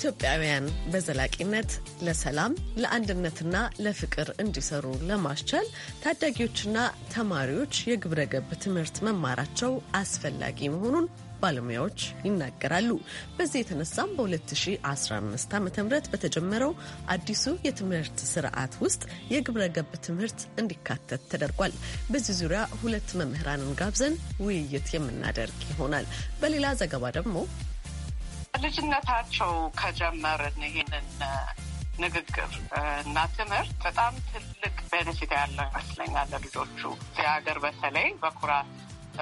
ኢትዮጵያውያን በዘላቂነት ለሰላም ለአንድነትና ለፍቅር እንዲሰሩ ለማስቻል ታዳጊዎችና ተማሪዎች የግብረ ገብ ትምህርት መማራቸው አስፈላጊ መሆኑን ባለሙያዎች ይናገራሉ። በዚህ የተነሳም በ2015 ዓ ም በተጀመረው አዲሱ የትምህርት ስርዓት ውስጥ የግብረ ገብ ትምህርት እንዲካተት ተደርጓል። በዚህ ዙሪያ ሁለት መምህራንን ጋብዘን ውይይት የምናደርግ ይሆናል። በሌላ ዘገባ ደግሞ ልጅነታቸው ከጀመርን ይህንን ንግግር እና ትምህርት በጣም ትልቅ ቤኔፊት ያለው ይመስለኛል ለልጆቹ እዚህ በተለይ በኩራት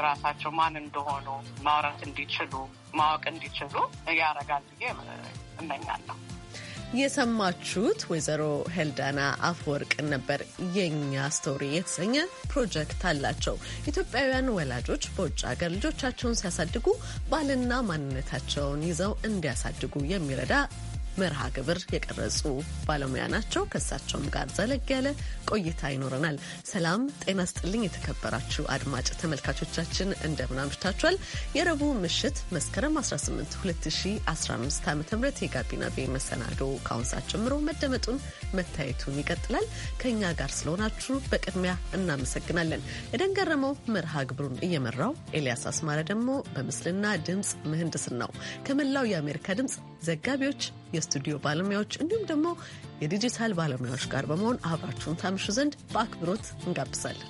ራሳቸው ማን እንደሆኑ ማውራት እንዲችሉ ማወቅ እንዲችሉ ያደርጋል ብዬ እመኛለሁ። የሰማችሁት ወይዘሮ ሄልዳና አፈወርቅን ነበር። የኛ ስቶሪ የተሰኘ ፕሮጀክት አላቸው። ኢትዮጵያውያን ወላጆች በውጭ ሀገር ልጆቻቸውን ሲያሳድጉ ባልና ማንነታቸውን ይዘው እንዲያሳድጉ የሚረዳ መርሃ ግብር የቀረጹ ባለሙያ ናቸው። ከእሳቸውም ጋር ዘለግ ያለ ቆይታ ይኖረናል። ሰላም ጤና ስጥልኝ። የተከበራችሁ አድማጭ ተመልካቾቻችን እንደምን አምሽታችኋል? የረቡዕ ምሽት መስከረም 18 2015 ዓ ም የጋቢና ቤ መሰናዶ ከአሁን ሰዓት ጀምሮ መደመጡን መታየቱን ይቀጥላል። ከእኛ ጋር ስለሆናችሁ በቅድሚያ እናመሰግናለን። የደን ገረመው መርሃ ግብሩን እየመራው ኤልያስ አስማረ ደግሞ በምስልና ድምፅ ምህንድስና ነው። ከመላው የአሜሪካ ድምፅ ዘጋቢዎች፣ የስቱዲዮ ባለሙያዎች እንዲሁም ደግሞ የዲጂታል ባለሙያዎች ጋር በመሆን አብራችሁን ታምሹ ዘንድ በአክብሮት እንጋብዛለን።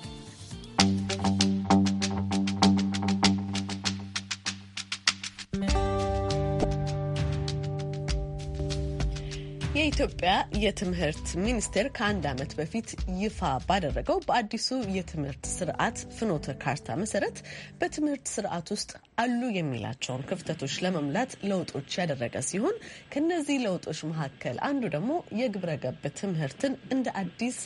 የኢትዮጵያ የትምህርት ሚኒስቴር ከአንድ ዓመት በፊት ይፋ ባደረገው በአዲሱ የትምህርት ስርዓት ፍኖተ ካርታ መሰረት በትምህርት ስርዓት ውስጥ አሉ የሚላቸውን ክፍተቶች ለመሙላት ለውጦች ያደረገ ሲሆን ከነዚህ ለውጦች መካከል አንዱ ደግሞ የግብረ ገብ ትምህርትን እንደ አዲስ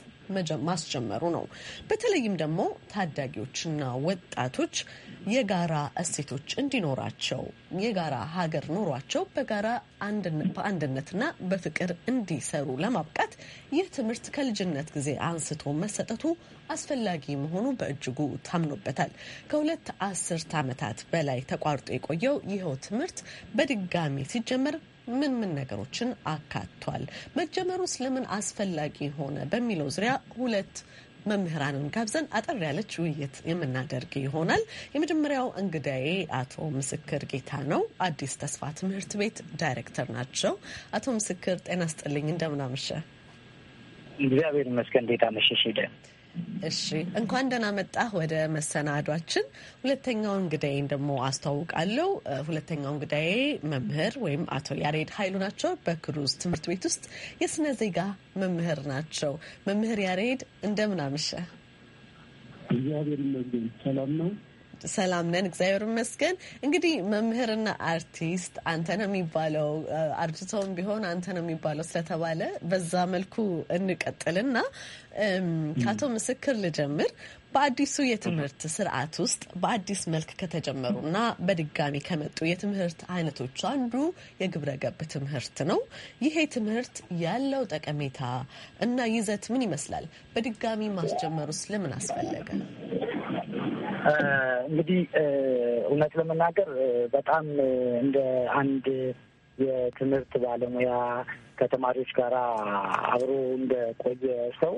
ማስጀመሩ ነው። በተለይም ደግሞ ታዳጊዎችና ወጣቶች የጋራ እሴቶች እንዲኖራቸው የጋራ ሀገር ኖሯቸው በጋራ በአንድነትና በፍቅር እንዲሰሩ ለማብቃት ይህ ትምህርት ከልጅነት ጊዜ አንስቶ መሰጠቱ አስፈላጊ መሆኑ በእጅጉ ታምኖበታል። ከሁለት አስርት ዓመታት በላይ ተቋርጦ የቆየው ይኸው ትምህርት በድጋሚ ሲጀመር ምን ምን ነገሮችን አካቷል? መጀመሩስ ለምን አስፈላጊ ሆነ? በሚለው ዙሪያ ሁለት መምህራንን ጋብዘን አጠር ያለች ውይይት የምናደርግ ይሆናል። የመጀመሪያው እንግዳዬ አቶ ምስክር ጌታ ነው። አዲስ ተስፋ ትምህርት ቤት ዳይሬክተር ናቸው። አቶ ምስክር ጤና ስጥልኝ፣ እንደምናመሸ። እግዚአብሔር ይመስገን። እንዴት አመሸሽ? ሄደ እሺ እንኳን ደህና መጣህ ወደ መሰናዷችን። ሁለተኛው እንግዳዬን ደግሞ አስተዋውቃለሁ። ሁለተኛው እንግዳዬ መምህር ወይም አቶ ያሬድ ኃይሉ ናቸው። በክሩዝ ትምህርት ቤት ውስጥ የስነ ዜጋ መምህር ናቸው። መምህር ያሬድ እንደምን አመሸህ? እግዚአብሔር ይመስገን ሰላም ነው። ሰላም ነን፣ እግዚአብሔር ይመስገን። እንግዲህ መምህርና አርቲስት አንተ ነው የሚባለው፣ አርጅቶም ቢሆን አንተ ነው የሚባለው ስለተባለ በዛ መልኩ እንቀጥልና ከአቶ ምስክር ልጀምር። በአዲሱ የትምህርት ስርዓት ውስጥ በአዲስ መልክ ከተጀመሩ እና በድጋሚ ከመጡ የትምህርት አይነቶች አንዱ የግብረ ገብ ትምህርት ነው። ይሄ ትምህርት ያለው ጠቀሜታ እና ይዘት ምን ይመስላል? በድጋሚ ማስጀመሩ ስለምን አስፈለገ? እንግዲህ እውነት ለመናገር በጣም እንደ አንድ የትምህርት ባለሙያ ከተማሪዎች ጋር አብሮ እንደቆየ ሰው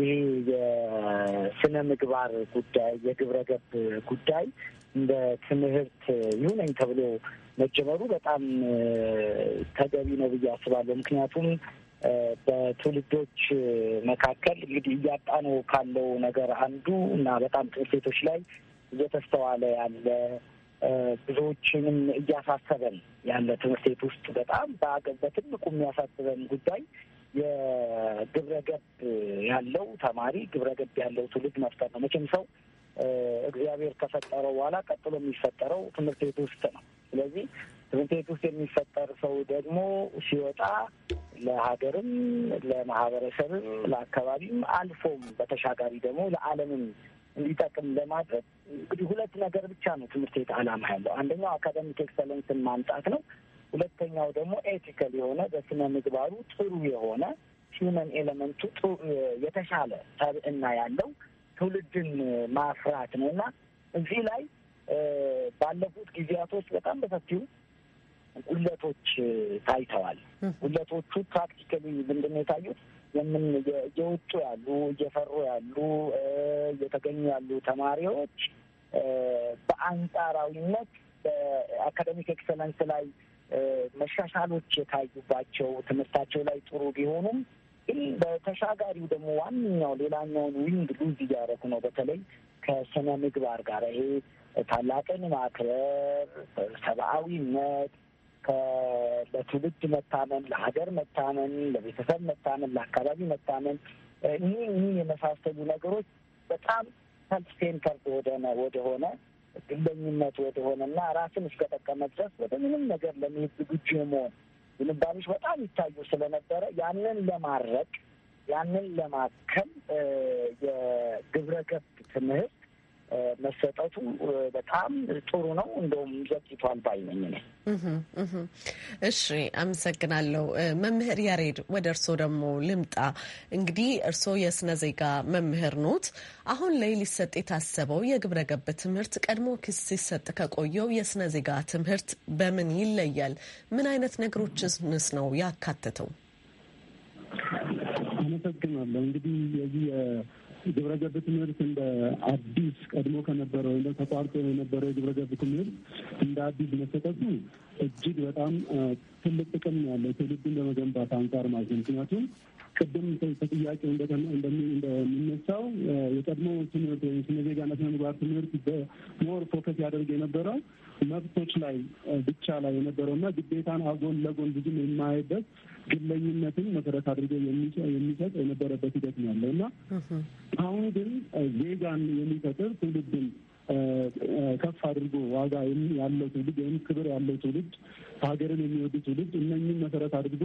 ይሄ የስነ ምግባር ጉዳይ የግብረ ገብ ጉዳይ እንደ ትምህርት ይሁነኝ ተብሎ መጀመሩ በጣም ተገቢ ነው ብዬ አስባለሁ። ምክንያቱም በትውልዶች መካከል እንግዲህ እያጣነው ካለው ነገር አንዱ እና በጣም ትምህርት ቤቶች ላይ እየተስተዋለ ያለ ብዙዎችንም እያሳሰበን ያለ ትምህርት ቤት ውስጥ በጣም በትልቁ የሚያሳስበን ጉዳይ የግብረ ገብ ያለው ተማሪ ግብረ ገብ ያለው ትውልድ መፍጠር ነው። መቼም ሰው እግዚአብሔር ከፈጠረው በኋላ ቀጥሎ የሚፈጠረው ትምህርት ቤት ውስጥ ነው። ስለዚህ ትምህርት ቤት ውስጥ የሚፈጠር ሰው ደግሞ ሲወጣ ለሀገርም፣ ለማህበረሰብም፣ ለአካባቢም አልፎም በተሻጋሪ ደግሞ ለዓለምም እንዲጠቅም ለማድረግ እንግዲህ ሁለት ነገር ብቻ ነው ትምህርት ቤት ዓላማ ያለው። አንደኛው አካደሚክ ኤክሰለንስን ማምጣት ነው። ሁለተኛው ደግሞ ኤቲካል የሆነ በስነ ምግባሩ ጥሩ የሆነ ሂውመን ኤሌመንቱ የተሻለ ሰብዕና ያለው ትውልድን ማፍራት ነው እና እዚህ ላይ ባለፉት ጊዜያቶች በጣም በሰፊው ጉለቶች ታይተዋል። ጉለቶቹ ፕራክቲካሊ ምንድን የታዩት የምን እየወጡ ያሉ እየፈሩ ያሉ እየተገኙ ያሉ ተማሪዎች በአንጻራዊነት በአካደሚክ ኤክሰለንስ ላይ መሻሻሎች የታዩባቸው ትምህርታቸው ላይ ጥሩ ቢሆኑም ግን በተሻጋሪው ደግሞ ዋነኛው ሌላኛውን ዊንግ ሉዝ እያደረጉ ነው። በተለይ ከስነ ምግባር ጋር ይሄ ታላቅን ማክበር፣ ሰብአዊነት ለትውልድ መታመን፣ ለሀገር መታመን፣ ለቤተሰብ መታመን፣ ለአካባቢ መታመን ይህን ይህን የመሳሰሉ ነገሮች በጣም ሰልፍ ሴንተርድ ወደሆነ ወደሆነ ግለኝነት ወደሆነ እና ራስን እስከጠቀመ ድረስ ወደ ምንም ነገር ለመሄድ ዝግጁ የመሆን ዝንባሌዎች በጣም ይታዩ ስለነበረ ያንን ለማድረግ ያንን ለማከም የግብረ ገብ ትምህርት መሰጠቱ በጣም ጥሩ ነው። እንደውም ዘግይቷል ባይነኝ ነ እሺ፣ አመሰግናለሁ መምህር ያሬድ። ወደ እርስዎ ደግሞ ልምጣ። እንግዲህ እርስዎ የስነ ዜጋ መምህር ኖት። አሁን ላይ ሊሰጥ የታሰበው የግብረ ገብ ትምህርት ቀድሞ ክስ ሲሰጥ ከቆየው የስነ ዜጋ ትምህርት በምን ይለያል? ምን አይነት ነገሮችንስ ነው ያካተተው? አመሰግናለሁ። እንግዲህ የዚህ ግብረገብ ትምህርት እንደ አዲስ ቀድሞ ከነበረው ወይም ተቋርጦ የነበረው የግብረገብ ትምህርት እንደ አዲስ መሰጠቱ እጅግ በጣም ትልቅ ጥቅም ያለው ትውልድን በመገንባት አንጻር ማለት ነው። ምክንያቱም ቅድም ተጥያቄ እንደሚነሳው የቀድሞ ትምህርት ወይም ስነ ዜጋና ስነ ምግባር ትምህርት ሞር ፎከስ ያደርግ የነበረው መብቶች ላይ ብቻ ላይ የነበረው የነበረውና ግዴታን አጎን ለጎን ብዙም የማይበት ግለኝነትን መሰረት አድርገ የሚሰጥ የነበረበት ሂደት ነው ያለው እና አሁን ግን ዜጋን የሚፈጥር ትውልድን ከፍ አድርጎ ዋጋ ያለው ትውልድ ወይም ክብር ያለው ትውልድ ሀገርን የሚወዱ ትውልድ እነኝን መሰረት አድርጎ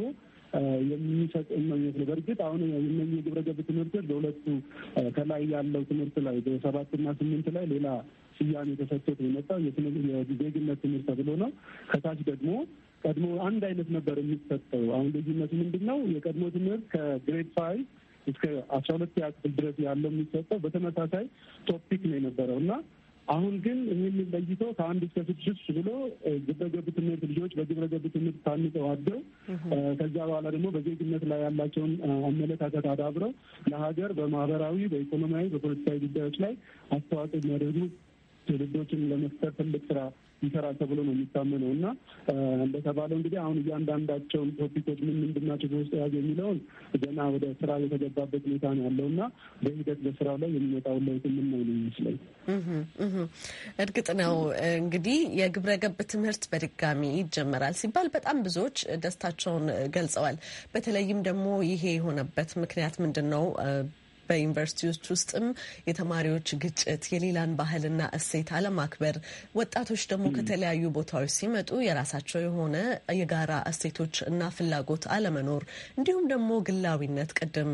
የሚሰጥ እመኘት ነው። በእርግጥ አሁን የነ የግብረ ገብ ትምህርት በሁለቱ ከላይ ያለው ትምህርት ላይ በሰባትና ስምንት ላይ ሌላ ስያሜ ተሰጥቶት የመጣው የዜግነት ትምህርት ተብሎ ነው። ከታች ደግሞ ቀድሞ አንድ አይነት ነበር የሚሰጠው። አሁን ልዩነቱ ምንድን ነው? የቀድሞ ትምህርት ከግሬድ ፋይ እስከ አስራ ሁለት ያክል ድረስ ያለው የሚሰጠው በተመሳሳይ ቶፒክ ነው የነበረው እና አሁን ግን ይህን ለይቶ ከአንድ እስከ ስድስት ብሎ ግብረገብ ትምህርት ልጆች በግብረገብ ትምህርት ታንጸው አደው ከዛ በኋላ ደግሞ በዜግነት ላይ ያላቸውን አመለካከት አዳብረው ለሀገር በማህበራዊ፣ በኢኮኖሚያዊ፣ በፖለቲካዊ ጉዳዮች ላይ አስተዋጽኦ የሚያደርጉ ትውልዶችን ለመፍጠር ትልቅ ስራ ይሰራል ተብሎ ነው የሚታመነው እና እንደተባለው እንግዲህ አሁን እያንዳንዳቸውን ቶፒኮች ምን ምንድናቸው በውስጥ የያዘ የሚለውን ገና ወደ ስራ የተገባበት ሁኔታ ነው ያለው እና በሂደት በስራው ላይ የሚመጣውን ለውጥ የምናይ ነው ይመስለኝ። እርግጥ ነው እንግዲህ የግብረ ገብ ትምህርት በድጋሚ ይጀመራል ሲባል በጣም ብዙዎች ደስታቸውን ገልጸዋል። በተለይም ደግሞ ይሄ የሆነበት ምክንያት ምንድን ነው? በዩኒቨርሲቲዎች ውስጥም የተማሪዎች ግጭት፣ የሌላን ባህልና እሴት አለማክበር፣ ወጣቶች ደግሞ hmm. ከተለያዩ ቦታዎች ሲመጡ የራሳቸው የሆነ የጋራ እሴቶች እና ፍላጎት አለመኖር እንዲሁም ደግሞ ግላዊነት፣ ቅድም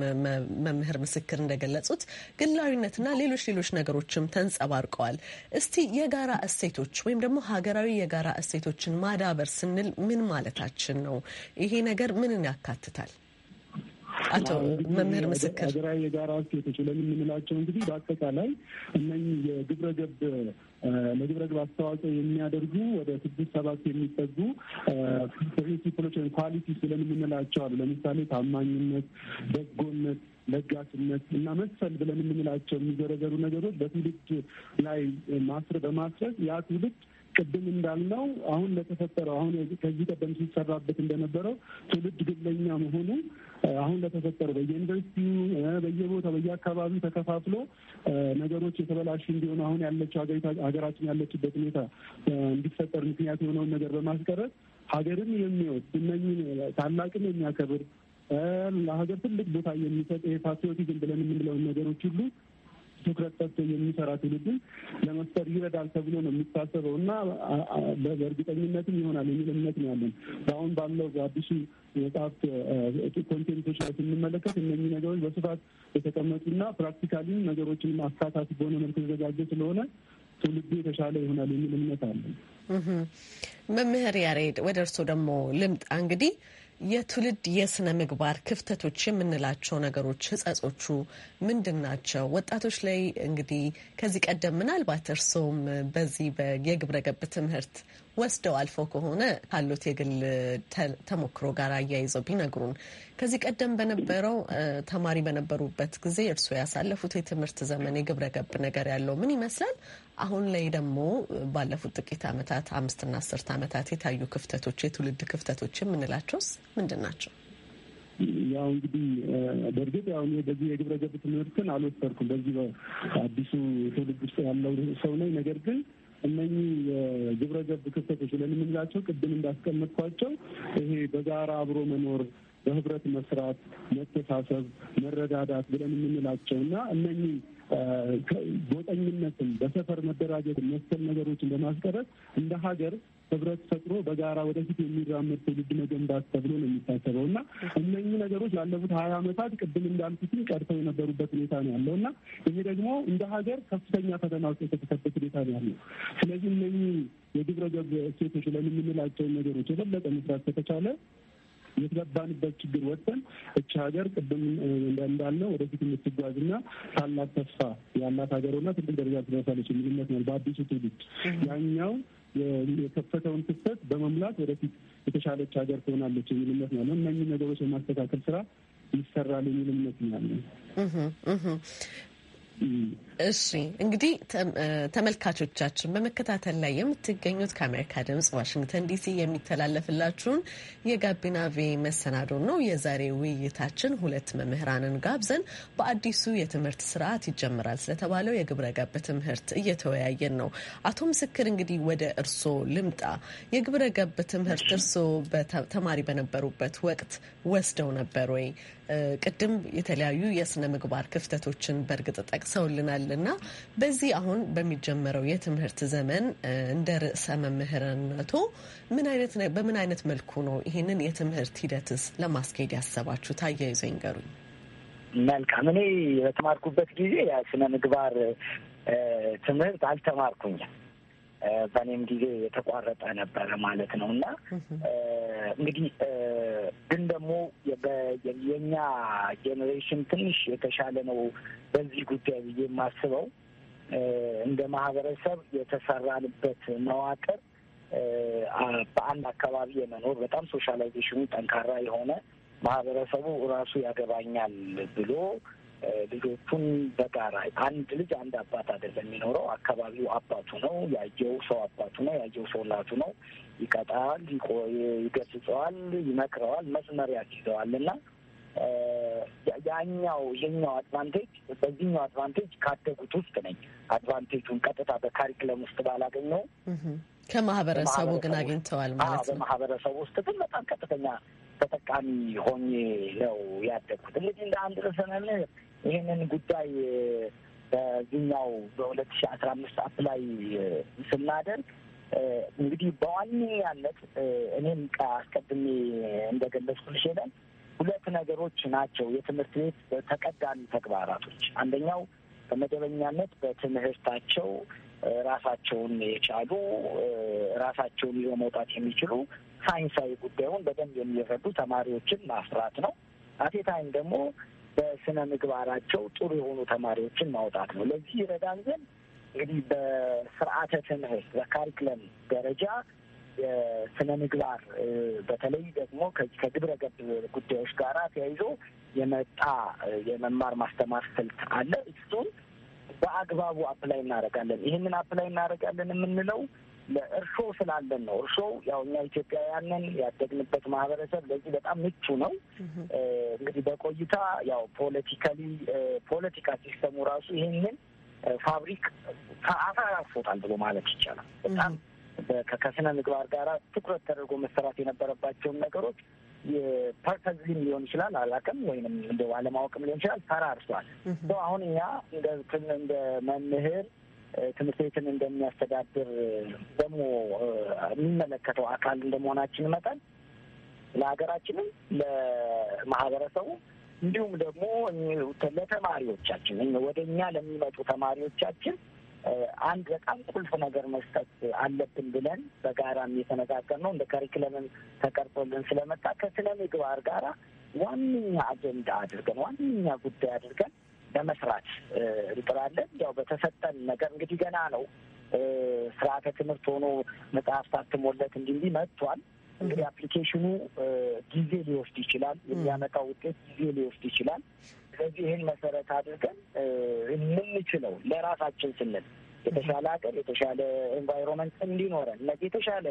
መምህር ምስክር እንደገለጹት ግላዊነትና ሌሎች ሌሎች ነገሮችም ተንጸባርቀዋል። እስቲ የጋራ እሴቶች ወይም ደግሞ ሀገራዊ የጋራ እሴቶችን ማዳበር ስንል ምን ማለታችን ነው? ይሄ ነገር ምንን ያካትታል? አቶ መምህር ምስክር ሀገራዊ የጋራ እሴቶች ለምንላቸው እንግዲህ በአጠቃላይ እነኚህ የግብረ ገብ ለግብረ ገብ አስተዋጽኦ የሚያደርጉ ወደ ስድስት ሰባት የሚጠጉ ፕሪንሲፕሎች ወይም ኳሊቲ ስለምንላቸው አሉ። ለምሳሌ ታማኝነት፣ በጎነት ለጋስነት እና መሰል ብለን የምንላቸው የሚዘረዘሩ ነገሮች በትውልድ ላይ ማስረ በማስረጽ ያ ትውልድ ቅድም እንዳልነው አሁን ለተፈጠረው አሁን ከዚህ ቀደም ሲሰራበት እንደነበረው ትውልድ ግለኛ መሆኑ አሁን ለተፈጠረው በየዩኒቨርሲቲው በየቦታ በየአካባቢው ተከፋፍሎ ነገሮች የተበላሹ እንዲሆኑ አሁን ያለችው ሀገራችን ያለችበት ሁኔታ እንዲፈጠር ምክንያት የሆነውን ነገር በማስቀረት ሀገርን የሚወድ እነኝን ታላቅን የሚያከብር ለሀገር ትልቅ ቦታ የሚሰጥ ይሄ ፓትሪዮቲዝም ብለን የምንለውን ነገሮች ሁሉ ትኩረት ሰጥቶ የሚሰራ ትውልድን ለመፍጠር ይረዳል ተብሎ ነው የሚታሰበው እና በእርግጠኝነትም ይሆናል የሚል እምነት ነው ያለን። በአሁን ባለው በአዲሱ የመጽሐፍት ኮንቴንቶች ላይ ስንመለከት እነኚህ ነገሮች በስፋት የተቀመጡና ፕራክቲካሊ ነገሮችን አካታት በሆነ መልክ የተዘጋጀ ስለሆነ ትውልዱ የተሻለ ይሆናል የሚል እምነት አለን። መምህር ያሬድ ወደ እርስዎ ደግሞ ልምጣ እንግዲህ የትውልድ የስነ ምግባር ክፍተቶች የምንላቸው ነገሮች ህጸጾቹ ምንድን ናቸው? ወጣቶች ላይ እንግዲህ ከዚህ ቀደም ምናልባት እርስዎም በዚህ የግብረ ገብ ትምህርት ወስደው አልፈው ከሆነ ካሉት የግል ተሞክሮ ጋር አያይዘው ቢነግሩን። ከዚህ ቀደም በነበረው ተማሪ በነበሩበት ጊዜ እርስዎ ያሳለፉት የትምህርት ዘመን የግብረ ገብ ነገር ያለው ምን ይመስላል? አሁን ላይ ደግሞ ባለፉት ጥቂት ዓመታት አምስትና አስርት ዓመታት የታዩ ክፍተቶች፣ የትውልድ ክፍተቶች የምንላቸውስ ምንድን ናቸው? ያው እንግዲህ በእርግጥ ያው እኔ በዚህ የግብረ ገብ ትምህርትን አልወሰድኩም። በዚህ በአዲሱ ትውልድ ውስጥ ያለው ሰው ነኝ። ነገር ግን እነኚህ የግብረ ገብ ክስተቶች የምንላቸው ቅድም እንዳስቀመጥኳቸው ይሄ በጋራ አብሮ መኖር በህብረት መስራት፣ መተሳሰብ፣ መረዳዳት ብለን የምንላቸው እና እነኚህ ጎጠኝነትን፣ በሰፈር መደራጀት መሰል ነገሮችን በማስቀረት እንደ ሀገር ህብረት ፈጥሮ በጋራ ወደፊት የሚራመድ ትውልድ መገንባት ተብሎ ነው የሚታሰበው እና እነኚህ ነገሮች ላለፉት ሀያ ዓመታት ቅድም እንዳልኩትም ቀርተው የነበሩበት ሁኔታ ነው ያለው እና ይሄ ደግሞ እንደ ሀገር ከፍተኛ ፈተና ውስጥ የተተበት ሁኔታ ነው ያለው። ስለዚህ እነኚህ የግብረ ገብ እሴቶች ለምንምላቸውን ነገሮች የበለጠ መስራት ከተቻለ የተገባንበት ችግር ወጥተን እች ሀገር ቅድም እንዳለው ወደፊት የምትጓዝና ታላቅ ተስፋ ያላት ሀገር ሆና ትልቅ ደረጃ ትደርሳለች የሚልነት ነው በአዲሱ ትውልድ ያኛው የከፈተውን ክፍተት በመሙላት ወደፊት የተሻለች ሀገር ትሆናለች የሚል እምነት ነው። ነገሮች የማስተካከል ስራ ይሰራል የሚል እምነት ነው ያለ እሺ እንግዲህ ተመልካቾቻችን በመከታተል ላይ የምትገኙት ከአሜሪካ ድምጽ ዋሽንግተን ዲሲ የሚተላለፍላችሁን የጋቢና ቬ መሰናዶ ነው። የዛሬ ውይይታችን ሁለት መምህራንን ጋብዘን በአዲሱ የትምህርት ስርዓት ይጀምራል ስለተባለው የግብረ ገብ ትምህርት እየተወያየን ነው። አቶ ምስክር እንግዲህ ወደ እርሶ ልምጣ። የግብረ ገብ ትምህርት እርሶ ተማሪ በነበሩበት ወቅት ወስደው ነበር ወይ? ቅድም የተለያዩ የስነ ምግባር ክፍተቶችን በእርግጥ ጠቅሰውልናል። እና በዚህ አሁን በሚጀመረው የትምህርት ዘመን እንደ ርዕሰ መምህርነቶ በምን አይነት መልኩ ነው ይህንን የትምህርት ሂደትስ ለማስኬድ ያሰባችሁ? ታያይዘ ይንገሩኝ። መልካም። እኔ በተማርኩበት ጊዜ ስነ ምግባር ትምህርት አልተማርኩኝም። በእኔም ጊዜ የተቋረጠ ነበረ ማለት ነው። እና እንግዲህ ግን ደግሞ የእኛ ጄኔሬሽን ትንሽ የተሻለ ነው በዚህ ጉዳይ ብዬ የማስበው እንደ ማህበረሰብ የተሰራንበት መዋቅር በአንድ አካባቢ የመኖር በጣም ሶሻላይዜሽኑ ጠንካራ የሆነ ማህበረሰቡ ራሱ ያገባኛል ብሎ ልጆቹን በጋራ አንድ ልጅ አንድ አባት አይደለም የሚኖረው። አካባቢው አባቱ ነው ያየው ሰው አባቱ ነው ያየው ሰው ላቱ ነው። ይቀጣል፣ ይገስጸዋል፣ ይመክረዋል፣ መስመር ያስይዘዋል እና ያኛው ይሄኛው አድቫንቴጅ በዚህኛው አድቫንቴጅ ካደጉት ውስጥ ነኝ። አድቫንቴጁን ቀጥታ በካሪክለም ውስጥ ባላገኘው ከማህበረሰቡ ግን አግኝተዋል ማለት ነው። በማህበረሰቡ ውስጥ ግን በጣም ቀጥተኛ ተጠቃሚ ሆኜ ነው ያደግኩት። እንግዲህ እንደ አንድ ርዕሰ መምህር ይህንን ጉዳይ በዚህኛው በሁለት ሺ አስራ አምስት አፕላይ ስናደርግ እንግዲህ በዋነኛነት እኔም አስቀድሜ እንደገለጽኩልሽ ሄደን ሁለት ነገሮች ናቸው የትምህርት ቤት ተቀዳሚ ተግባራቶች። አንደኛው በመደበኛነት በትምህርታቸው ራሳቸውን የቻሉ ራሳቸውን ይዘው መውጣት የሚችሉ ሳይንሳዊ ጉዳዩን በደንብ የሚረዱ ተማሪዎችን ማፍራት ነው። አቴታይም ደግሞ በስነ ምግባራቸው ጥሩ የሆኑ ተማሪዎችን ማውጣት ነው። ለዚህ ይረዳን ዘንድ እንግዲህ በስርዓተ ትምህርት በካሪክለም ደረጃ የስነ ምግባር በተለይ ደግሞ ከግብረ ገብ ጉዳዮች ጋር ተያይዞ የመጣ የመማር ማስተማር ስልት አለ። እሱን በአግባቡ አፕላይ እናደርጋለን። ይህንን አፕላይ እናደርጋለን የምንለው ለእርሾ ስላለን ነው። እርሾ ያው እኛ ኢትዮጵያውያንን ያደግንበት ማህበረሰብ ለዚህ በጣም ምቹ ነው። እንግዲህ በቆይታ ያው ፖለቲካሊ ፖለቲካ ሲስተሙ ራሱ ይህንን ፋብሪክ አፈር አስፎታል ብሎ ማለት ይቻላል። በጣም ከስነ ምግባር ጋር ትኩረት ተደርጎ መሰራት የነበረባቸውን ነገሮች ፐርፐዝሊም ሊሆን ይችላል አላውቅም፣ ወይንም እንደ ባለማወቅም ሊሆን ይችላል ተራርሷል። አሁን እኛ እንደ እንደ መምህር ትምህርት ቤትን እንደሚያስተዳድር ደግሞ የሚመለከተው አካል እንደመሆናችን መጠን ለሀገራችንም ለማህበረሰቡ እንዲሁም ደግሞ ለተማሪዎቻችን ወደ እኛ ለሚመጡ ተማሪዎቻችን አንድ በጣም ቁልፍ ነገር መስጠት አለብን ብለን በጋራም ነው። እንደ ከሪክለምን ተቀርጾልን ስለመጣ ከስነ ምግባር ጋራ ዋነኛ አጀንዳ አድርገን ዋነኛ ጉዳይ አድርገን ለመስራት እንጥራለን። ያው በተሰጠን ነገር እንግዲህ ገና ነው ስርዓተ ትምህርት ሆኖ መጽሐፍ ታትሞለት እንዲህ እንዲህ መጥቷል። እንግዲህ አፕሊኬሽኑ ጊዜ ሊወስድ ይችላል፣ የሚያመጣው ውጤት ጊዜ ሊወስድ ይችላል። ስለዚህ ይህን መሰረት አድርገን የምንችለው ለራሳችን ስንል የተሻለ ሀገር የተሻለ ኤንቫይሮንመንት እንዲኖረን እነዚህ የተሻለ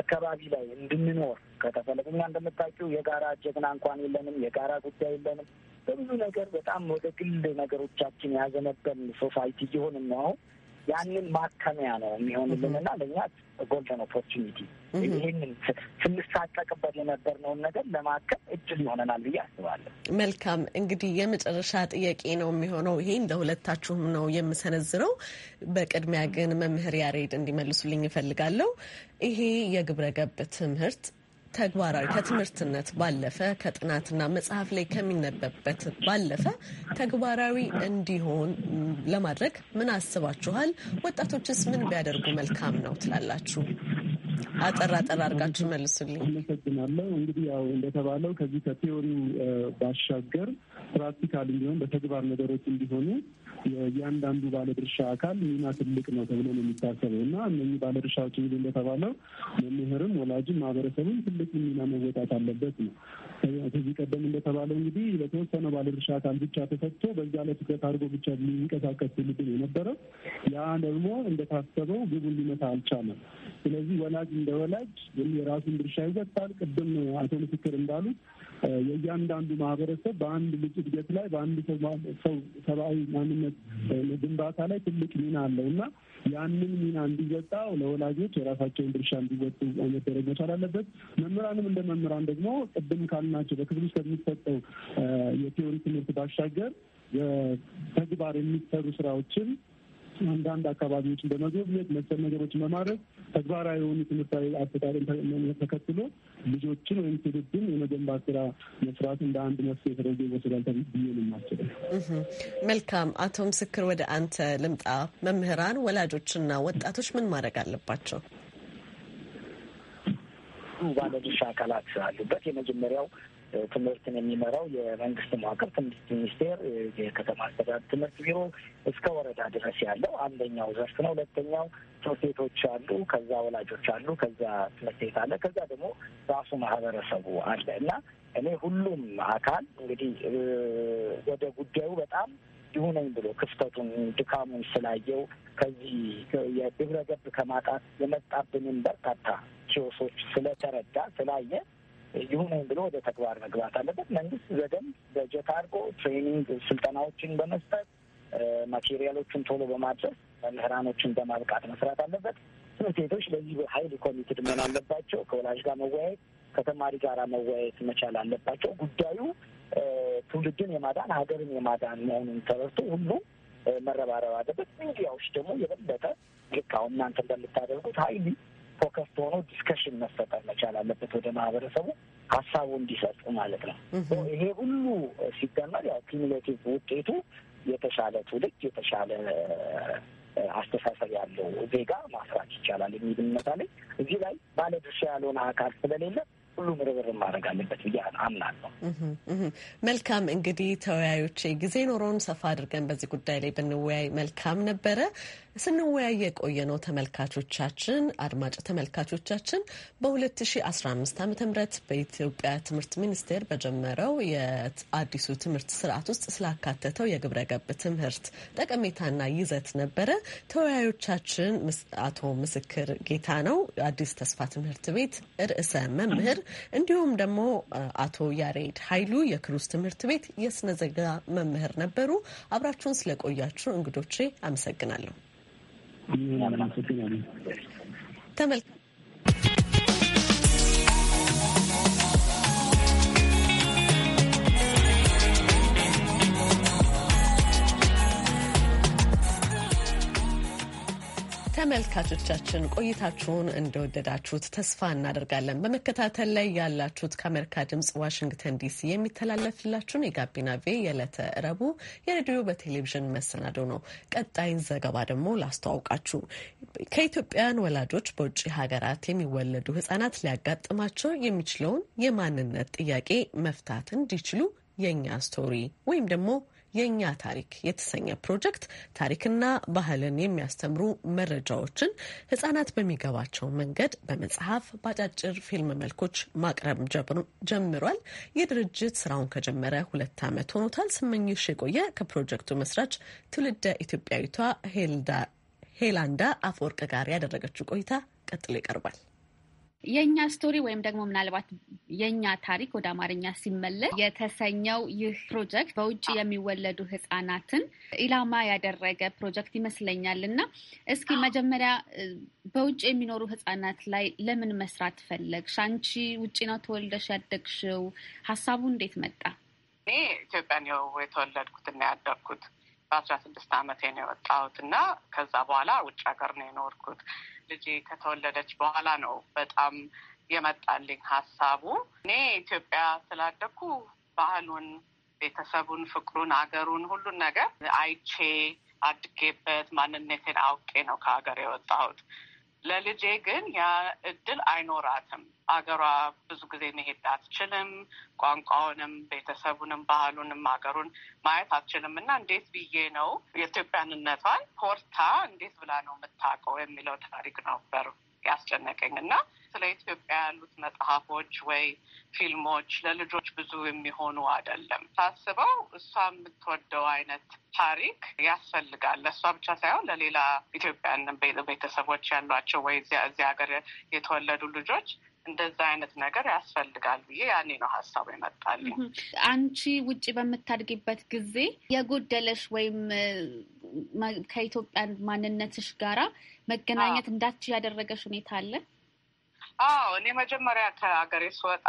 አካባቢ ላይ እንድንኖር ከተፈለገ እኛ እንደምታውቂው የጋራ ጀግና እንኳን የለንም፣ የጋራ ጉዳይ የለንም። በብዙ ነገር በጣም ወደ ግል ነገሮቻችን ያዘነበል ሶሳይቲ እየሆንን ነው። ያንን ማከሚያ ነው የሚሆንልንና ለእኛ ጎልደን ኦፖርቹኒቲ ይህንን ስንሳቀቅበት የነበርነውን ነገር ለማከም እድል ይሆነናል ብዬ አስባለሁ። መልካም እንግዲህ የመጨረሻ ጥያቄ ነው የሚሆነው ይሄን ለሁለታችሁም ነው የምሰነዝረው። በቅድሚያ ግን መምህር ያሬድ እንዲመልሱልኝ እፈልጋለሁ። ይሄ የግብረ ገብ ትምህርት ተግባራዊ ከትምህርትነት ባለፈ ከጥናትና መጽሐፍ ላይ ከሚነበበት ባለፈ ተግባራዊ እንዲሆን ለማድረግ ምን አስባችኋል? ወጣቶችስ ምን ቢያደርጉ መልካም ነው ትላላችሁ? አጠር አጠር አድርጋችሁ መልሱልኝ። አመሰግናለሁ። እንግዲህ ያው እንደተባለው ከዚህ ከቴዎሪው ባሻገር ፕራክቲካል እንዲሆን በተግባር ነገሮች እንዲሆኑ የእያንዳንዱ ባለድርሻ አካል ሚና ትልቅ ነው ተብሎ ነው የሚታሰበው እና እነዚህ ባለድርሻዎች እንግዲህ እንደተባለው መምህርም፣ ወላጅም፣ ማህበረሰብም ትልቅ ሚና መወጣት አለበት ነው። ከዚህ ቀደም እንደተባለው እንግዲህ በተወሰነ ባለድርሻ አካል ብቻ ተሰጥቶ በዛ ላይ ትኩረት አድርጎ ብቻ ሊንቀሳቀስ ትልቅ የነበረው። ያ ደግሞ እንደታሰበው ግቡን ሊመታ አልቻለም። ስለዚህ ወላጅ እንደ ወላጅ የራሱን ድርሻ ይወጣል። ቅድም አቶ ምስክር እንዳሉት የእያንዳንዱ ማህበረሰብ በአንድ ልጅ በሀገሪቱ እድገት ላይ በአንድ ሰው ሰብአዊ ማንነት ግንባታ ላይ ትልቅ ሚና አለው እና ያንን ሚና እንዲወጣው ለወላጆች የራሳቸውን ድርሻ እንዲወጡ መደረግ መቻል አለበት። መምህራንም እንደ መምህራን ደግሞ ቅድም ካልናቸው በክፍል ውስጥ ከሚሰጠው የቴዎሪ ትምህርት ባሻገር በተግባር የሚሰሩ ስራዎችን አንዳንድ አካባቢዎችን በመጎብኘት መሰል ነገሮችን በማድረግ ተግባራዊ የሆኑ ትምህርታዊ አሰጣጥን ተከትሎ ልጆችን ወይም ትውልድን የመገንባት ስራ መስራት እንደ አንድ መፍትሄ ተደርጎ ይወሰዳል ብዬ ነው መልካም አቶ ምስክር ወደ አንተ ልምጣ። መምህራን፣ ወላጆችና ወጣቶች ምን ማድረግ አለባቸው? ባለድርሻ አካላት አሉበት። የመጀመሪያው ትምህርትን የሚመራው የመንግስት መዋቅር ትምህርት ሚኒስቴር፣ የከተማ አስተዳደር ትምህርት ቢሮ እስከ ወረዳ ድረስ ያለው አንደኛው ዘርፍ ነው። ሁለተኛው ትምህርት ቤቶች አሉ። ከዛ ወላጆች አሉ። ከዛ ትምህርት ቤት አለ። ከዛ ደግሞ ራሱ ማህበረሰቡ አለ እና እኔ ሁሉም አካል እንግዲህ ወደ ጉዳዩ በጣም ይሁነኝ ብሎ ክፍተቱን፣ ድካሙን ስላየው ከዚህ የግብረ ገብ ከማጣት የመጣብንን በርካታ ኪዮሶች ስለተረዳ ስላየ ይሁን ወይም ብሎ ወደ ተግባር መግባት አለበት። መንግስት በደንብ በጀት አድርጎ ትሬኒንግ ስልጠናዎችን በመስጠት ማቴሪያሎቹን ቶሎ በማድረስ መምህራኖችን በማብቃት መስራት አለበት። ትምህርት ቤቶች ለዚህ ሀይል ኮሚትድ መሆን አለባቸው። ከወላጅ ጋር መወያየት፣ ከተማሪ ጋር መወያየት መቻል አለባቸው። ጉዳዩ ትውልድን የማዳን ሀገርን የማዳን መሆኑን ተረድቶ ሁሉም መረባረብ አለበት። ሚዲያዎች ደግሞ የበለጠ ልክ አሁን እናንተ እንደምታደርጉት ሀይል ፎከስ ሆኖ ዲስከሽን መፈጠር መቻል አለበት ወደ ማህበረሰቡ ሀሳቡ እንዲሰጡ ማለት ነው። ይሄ ሁሉ ሲደመር ያው ኪሙሌቲቭ ውጤቱ የተሻለ ትውልድ የተሻለ አስተሳሰብ ያለው ዜጋ ማስራት ይቻላል የሚል እምነት አለኝ። እዚህ ላይ ባለድርሻ ያልሆነ አካል ስለሌለ ሁሉም ርብርብ ማድረግ አለበት ብዬ አምናለሁ። መልካም እንግዲህ ተወያዮቼ፣ ጊዜ ኖሮን ሰፋ አድርገን በዚህ ጉዳይ ላይ ብንወያይ መልካም ነበረ። ስንወያይ የቆየነው ተመልካቾቻችን አድማጭ ተመልካቾቻችን በ2015 ዓ ም በኢትዮጵያ ትምህርት ሚኒስቴር በጀመረው የአዲሱ ትምህርት ስርዓት ውስጥ ስላካተተው የግብረ ገብ ትምህርት ጠቀሜታና ይዘት ነበረ። ተወያዮቻችን አቶ ምስክር ጌታ ነው አዲስ ተስፋ ትምህርት ቤት ርዕሰ መምህር፣ እንዲሁም ደግሞ አቶ ያሬድ ኃይሉ የክሩስ ትምህርት ቤት የስነ ዜጋ መምህር ነበሩ። አብራችሁን ስለቆያችሁ እንግዶቼ አመሰግናለሁ። ተመልካቾች ተመልካቾቻችን ቆይታችሁን እንደወደዳችሁት ተስፋ እናደርጋለን። በመከታተል ላይ ያላችሁት ከአሜሪካ ድምጽ ዋሽንግተን ዲሲ የሚተላለፍላችሁን የጋቢና ቬ የዕለተ ረቡ የሬዲዮ በቴሌቪዥን መሰናዶ ነው። ቀጣይን ዘገባ ደግሞ ላስተዋውቃችሁ። ከኢትዮጵያውያን ወላጆች በውጭ ሀገራት የሚወለዱ ህጻናት ሊያጋጥማቸው የሚችለውን የማንነት ጥያቄ መፍታት እንዲችሉ የእኛ ስቶሪ ወይም ደግሞ የእኛ ታሪክ የተሰኘ ፕሮጀክት ታሪክና ባህልን የሚያስተምሩ መረጃዎችን ህጻናት በሚገባቸው መንገድ በመጽሐፍ በአጫጭር ፊልም መልኮች ማቅረብ ጀምሯል። የድርጅት ስራውን ከጀመረ ሁለት ዓመት ሆኖታል። ስመኝሽ የቆየ ከፕሮጀክቱ መስራች ትውልደ ኢትዮጵያዊቷ ሄላንዳ አፈወርቅ ጋር ያደረገችው ቆይታ ቀጥሎ ይቀርባል። የእኛ ስቶሪ ወይም ደግሞ ምናልባት የእኛ ታሪክ ወደ አማርኛ ሲመለስ የተሰኘው ይህ ፕሮጀክት በውጭ የሚወለዱ ህጻናትን ኢላማ ያደረገ ፕሮጀክት ይመስለኛል እና እስኪ መጀመሪያ በውጭ የሚኖሩ ህጻናት ላይ ለምን መስራት ፈለግሽ? አንቺ ውጭ ነው ተወልደሽ ያደግሽው። ሀሳቡ እንዴት መጣ? እኔ ኢትዮጵያ ነው እና ያደግኩት በአስራ ስድስት አመቴ ነው የወጣሁት እና ከዛ በኋላ ውጭ ሀገር ነው የኖርኩት። ልጄ ከተወለደች በኋላ ነው በጣም የመጣልኝ ሀሳቡ። እኔ ኢትዮጵያ ስላደኩ ባህሉን፣ ቤተሰቡን፣ ፍቅሩን፣ አገሩን፣ ሁሉን ነገር አይቼ አድጌበት ማንነቴን አውቄ ነው ከሀገር የወጣሁት። ለልጄ ግን ያ እድል አይኖራትም። አገሯ ብዙ ጊዜ መሄድ አትችልም። ቋንቋውንም፣ ቤተሰቡንም፣ ባህሉንም አገሩን ማየት አትችልም እና እንዴት ብዬ ነው የኢትዮጵያንነቷን ኮርታ እንዴት ብላ ነው የምታውቀው የሚለው ታሪክ ነበር። ያስጨነቀኝ እና ስለ ኢትዮጵያ ያሉት መጽሐፎች ወይ ፊልሞች ለልጆች ብዙ የሚሆኑ አይደለም። ሳስበው እሷ የምትወደው አይነት ታሪክ ያስፈልጋል። ለእሷ ብቻ ሳይሆን ለሌላ ኢትዮጵያን ቤተሰቦች ያሏቸው ወይ እዚያ ሀገር የተወለዱ ልጆች እንደዛ አይነት ነገር ያስፈልጋል ብዬ ያኔ ነው ሀሳቡ ይመጣል። አንቺ ውጭ በምታድጊበት ጊዜ የጎደለሽ ወይም ከኢትዮጵያ ማንነትሽ ጋራ መገናኘት እንዳች ያደረገሽ ሁኔታ አለ? አዎ እኔ መጀመሪያ ከሀገሬ ስወጣ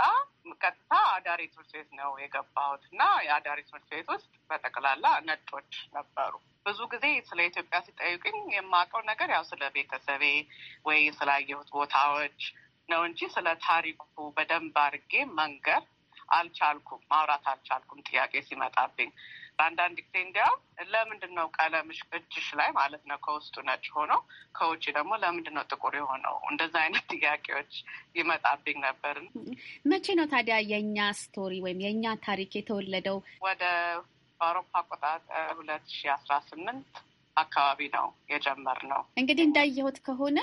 ቀጥታ አዳሪ ትምህርት ቤት ነው የገባሁት እና የአዳሪ ትምህርት ቤት ውስጥ በጠቅላላ ነጮች ነበሩ። ብዙ ጊዜ ስለ ኢትዮጵያ ሲጠይቅኝ የማውቀው ነገር ያው ስለ ቤተሰቤ ወይ ስላየሁት ቦታዎች ነው እንጂ ስለ ታሪኩ በደንብ አድርጌ መንገር አልቻልኩም፣ ማውራት አልቻልኩም። ጥያቄ ሲመጣብኝ በአንዳንድ ጊዜ እንዲያውም ለምንድን ነው ቀለምሽ እጅሽ ላይ ማለት ነው ከውስጡ ነጭ ሆኖ ከውጭ ደግሞ ለምንድን ነው ጥቁር የሆነው? እንደዛ አይነት ጥያቄዎች ይመጣብኝ ነበር። መቼ ነው ታዲያ የእኛ ስቶሪ ወይም የእኛ ታሪክ የተወለደው? ወደ በአውሮፓ አቆጣጠር ሁለት ሺ አስራ ስምንት አካባቢ ነው የጀመርነው። እንግዲህ እንዳየሁት ከሆነ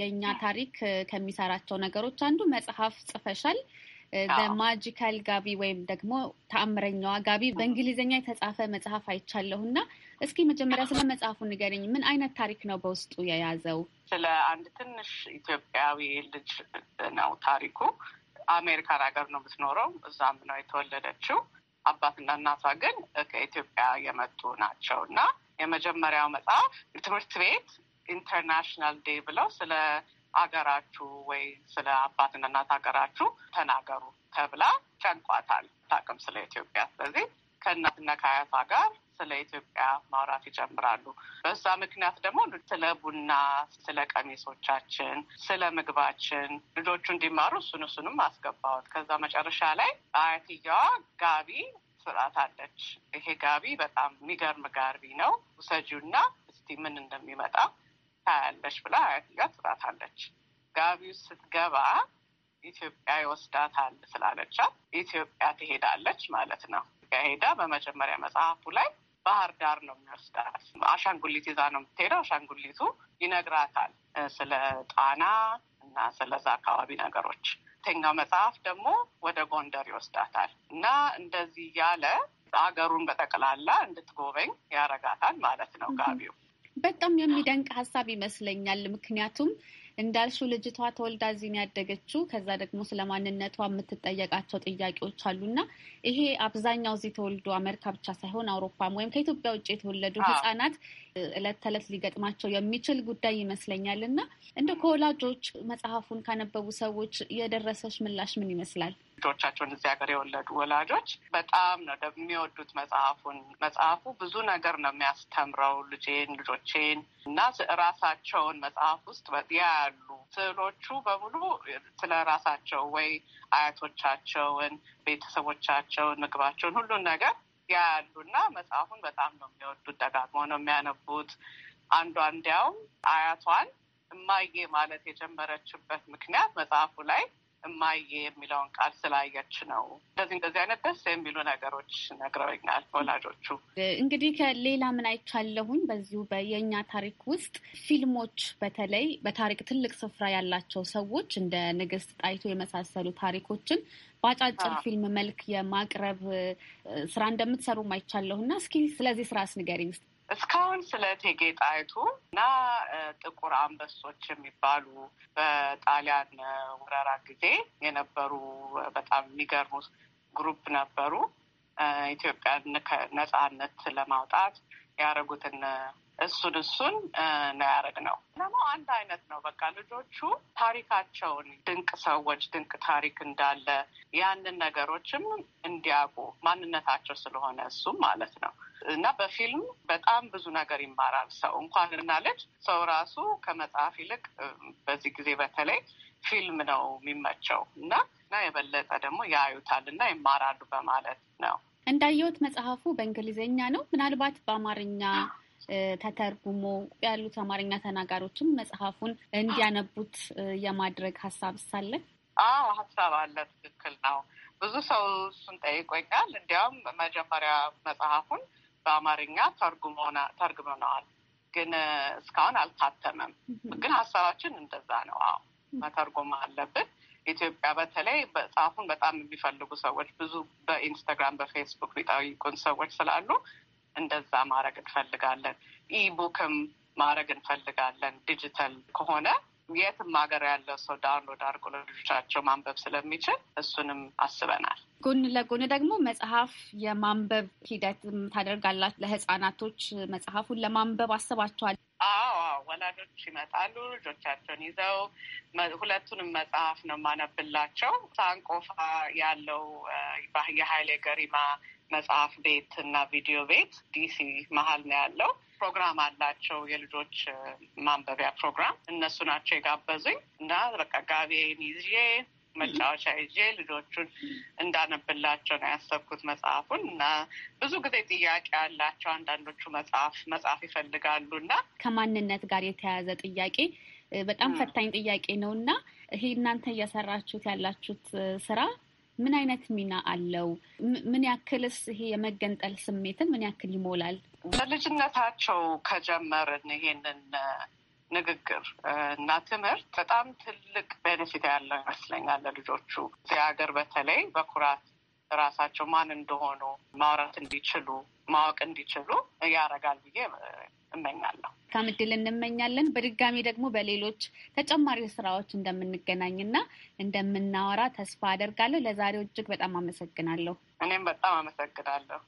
የእኛ ታሪክ ከሚሰራቸው ነገሮች አንዱ መጽሐፍ ጽፈሻል። በማጂካል ጋቢ ወይም ደግሞ ተአምረኛዋ ጋቢ በእንግሊዝኛ የተጻፈ መጽሐፍ አይቻለሁ እና እስኪ መጀመሪያ ስለ መጽሐፉ ንገረኝ። ምን አይነት ታሪክ ነው በውስጡ የያዘው? ስለ አንድ ትንሽ ኢትዮጵያዊ ልጅ ነው ታሪኩ። አሜሪካን ሀገር ነው የምትኖረው፣ እዛም ነው የተወለደችው። አባትና እናቷ ግን ከኢትዮጵያ የመጡ ናቸው እና የመጀመሪያው መጽሐፍ ትምህርት ቤት ኢንተርናሽናል ዴይ ብለው ስለ አገራችሁ ወይ ስለ አባትና እናት ሀገራችሁ ተናገሩ ተብላ ጨንቋታል። ታቅም ስለ ኢትዮጵያ ስለዚህ ከእናትና ከአያቷ ጋር ስለ ኢትዮጵያ ማውራት ይጀምራሉ። በዛ ምክንያት ደግሞ ስለ ቡና፣ ስለ ቀሚሶቻችን፣ ስለ ምግባችን ልጆቹ እንዲማሩ እሱን እሱንም አስገባሁት። ከዛ መጨረሻ ላይ አያትየዋ ጋቢ ስርዓት አለች። ይሄ ጋቢ በጣም የሚገርም ጋርቢ ነው፣ ውሰጂውና እስቲ ምን እንደሚመጣ ታያለች ብላ አያትየዋ ትላታለች። ጋቢው ስትገባ ኢትዮጵያ ይወስዳታል ስላለቻት ኢትዮጵያ ትሄዳለች ማለት ነው። ሄዳ በመጀመሪያ መጽሐፉ ላይ ባህር ዳር ነው የሚወስዳት። አሻንጉሊት ይዛ ነው የምትሄደው። አሻንጉሊቱ ይነግራታል ስለ ጣና እና ስለዛ አካባቢ ነገሮች። ሁለተኛው መጽሐፍ ደግሞ ወደ ጎንደር ይወስዳታል እና እንደዚህ ያለ አገሩን በጠቅላላ እንድትጎበኝ ያረጋታል ማለት ነው ጋቢው በጣም የሚደንቅ ሀሳብ ይመስለኛል። ምክንያቱም እንዳልሹ ልጅቷ ተወልዳ እዚህ ነው ያደገችው። ከዛ ደግሞ ስለ ማንነቷ የምትጠየቃቸው ጥያቄዎች አሉና ይሄ አብዛኛው እዚህ ተወልዶ አሜሪካ ብቻ ሳይሆን አውሮፓም ወይም ከኢትዮጵያ ውጭ የተወለዱ ህጻናት እለት ተዕለት ሊገጥማቸው የሚችል ጉዳይ ይመስለኛል እና እንደ ከወላጆች መጽሐፉን ካነበቡ ሰዎች የደረሰች ምላሽ ምን ይመስላል? ልጆቻቸውን እዚህ ሀገር የወለዱ ወላጆች በጣም ነው የሚወዱት መጽሐፉን። መጽሐፉ ብዙ ነገር ነው የሚያስተምረው ልጄን፣ ልጆቼን እና ራሳቸውን መጽሐፍ ውስጥ ያሉ ስዕሎቹ በሙሉ ስለ ራሳቸው ወይ አያቶቻቸውን፣ ቤተሰቦቻቸውን፣ ምግባቸውን ሁሉን ነገር ያሉ እና መጽሐፉን በጣም ነው የሚወዱት። ደጋግሞ ነው የሚያነቡት። አንዷ እንዲያውም አያቷን እማዬ ማለት የጀመረችበት ምክንያት መጽሐፉ ላይ እማዬ የሚለውን ቃል ስላየች ነው። እንደዚህ እንደዚህ አይነት ደስ የሚሉ ነገሮች ነግረውኛል ወላጆቹ። እንግዲህ ከሌላ ምን አይቻለሁኝ በዚሁ በየእኛ ታሪክ ውስጥ ፊልሞች በተለይ በታሪክ ትልቅ ስፍራ ያላቸው ሰዎች እንደ ንግስት ጣይቶ የመሳሰሉ ታሪኮችን በአጫጭር ፊልም መልክ የማቅረብ ስራ እንደምትሰሩ አይቻለሁ እና እስኪ ስለዚህ ስራስ ንገሪኝ። እስካሁን ስለ እቴጌ ጣይቱ እና ጥቁር አንበሶች የሚባሉ በጣሊያን ወረራ ጊዜ የነበሩ በጣም የሚገርሙ ግሩፕ ነበሩ። ኢትዮጵያን ነፃነት ለማውጣት ያደረጉትን እሱን እሱን ነው ነው። ደግሞ አንድ አይነት ነው በቃ ልጆቹ ታሪካቸውን ድንቅ ሰዎች ድንቅ ታሪክ እንዳለ ያንን ነገሮችም እንዲያውቁ ማንነታቸው ስለሆነ እሱም ማለት ነው እና በፊልም በጣም ብዙ ነገር ይማራል ሰው እንኳን እና ልጅ ሰው ራሱ ከመጽሐፍ ይልቅ በዚህ ጊዜ በተለይ ፊልም ነው የሚመቸው እና እና የበለጠ ደግሞ ያዩታል እና ይማራሉ በማለት ነው። እንዳየሁት መጽሐፉ በእንግሊዝኛ ነው። ምናልባት በአማርኛ ተተርጉሞ ያሉት አማርኛ ተናጋሪዎችም መጽሐፉን እንዲያነቡት የማድረግ ሀሳብ ሳለ? አዎ ሀሳብ አለ። ትክክል ነው። ብዙ ሰው እሱን ጠይቆኛል። እንዲያውም መጀመሪያ መጽሐፉን በአማርኛ ተርጉመነዋል፣ ግን እስካሁን አልታተመም። ግን ሀሳባችን እንደዛ ነው። አዎ መተርጎም አለብን። ኢትዮጵያ በተለይ መጽሐፉን በጣም የሚፈልጉ ሰዎች ብዙ በኢንስታግራም በፌስቡክ የሚጠይቁን ሰዎች ስላሉ እንደዛ ማድረግ እንፈልጋለን። ኢቡክም ማድረግ እንፈልጋለን ዲጂታል ከሆነ የትም ሀገር ያለው ሰው ዳውንሎድ አድርጎ ለልጆቻቸው ማንበብ ስለሚችል እሱንም አስበናል። ጎን ለጎን ደግሞ መጽሐፍ የማንበብ ሂደት ታደርጋላችሁ። ለህፃናቶች መጽሐፉን ለማንበብ አስባችኋል? ወላጆች ይመጣሉ ልጆቻቸውን ይዘው። ሁለቱንም መጽሐፍ ነው የማነብላቸው። ሳንቆፋ ያለው የሀይሌ ገሪማ መጽሐፍ ቤት እና ቪዲዮ ቤት ዲሲ መሀል ነው ያለው። ፕሮግራም አላቸው የልጆች ማንበቢያ ፕሮግራም። እነሱ ናቸው የጋበዙኝ እና በቃ ጋቤን ይዤ መጫወቻ ይዤ ልጆቹን እንዳነብላቸው ነው ያሰብኩት መጽሐፉን እና ብዙ ጊዜ ጥያቄ ያላቸው አንዳንዶቹ መጽሐፍ መጽሐፍ ይፈልጋሉ እና ከማንነት ጋር የተያያዘ ጥያቄ በጣም ፈታኝ ጥያቄ ነው እና ይሄ እናንተ እየሰራችሁት ያላችሁት ስራ ምን አይነት ሚና አለው? ምን ያክልስ ይሄ የመገንጠል ስሜትን ምን ያክል ይሞላል? በልጅነታቸው ከጀመርን ይሄንን ንግግር እና ትምህርት በጣም ትልቅ ቤኔፊት ያለው ይመስለኛል ለልጆቹ እዚህ ሀገር በተለይ በኩራት ራሳቸው ማን እንደሆኑ ማውራት እንዲችሉ ማወቅ እንዲችሉ ያደርጋል ብዬ እመኛለሁ። መልካም እድል እንመኛለን። በድጋሚ ደግሞ በሌሎች ተጨማሪ ስራዎች እንደምንገናኝና እንደምናወራ ተስፋ አደርጋለሁ። ለዛሬው እጅግ በጣም አመሰግናለሁ። እኔም በጣም አመሰግናለሁ።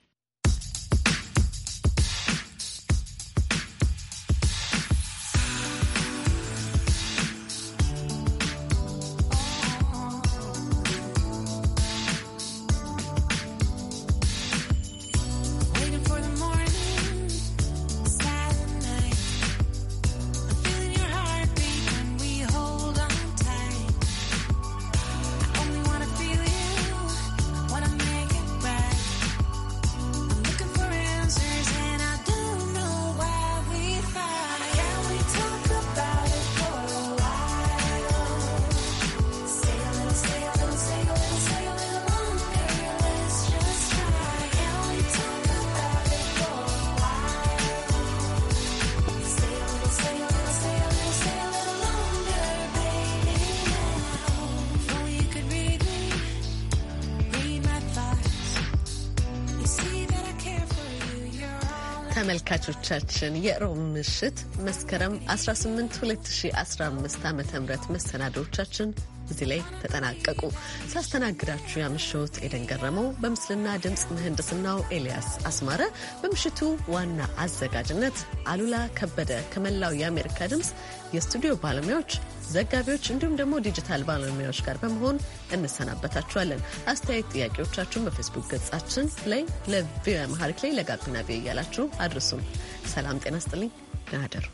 ተመልካቾቻችን የሮብ ምሽት መስከረም 18 2015 ዓ ም መሰናዶቻችን እዚህ ላይ ተጠናቀቁ። ሳስተናግዳችሁ ያመሸሁት ኤደን ገረመው፣ በምስልና ድምፅ ምህንድስናው ኤልያስ አስማረ፣ በምሽቱ ዋና አዘጋጅነት አሉላ ከበደ ከመላው የአሜሪካ ድምፅ የስቱዲዮ ባለሙያዎች ዘጋቢዎች እንዲሁም ደግሞ ዲጂታል ባለሙያዎች ጋር በመሆን እንሰናበታችኋለን። አስተያየት ጥያቄዎቻችሁን በፌስቡክ ገጻችን ላይ ለቪኦኤ አማርኛ ላይ ለጋቢና ቪኦኤ እያላችሁ አድርሱም። ሰላም ጤና ስጥልኝ ናደሩ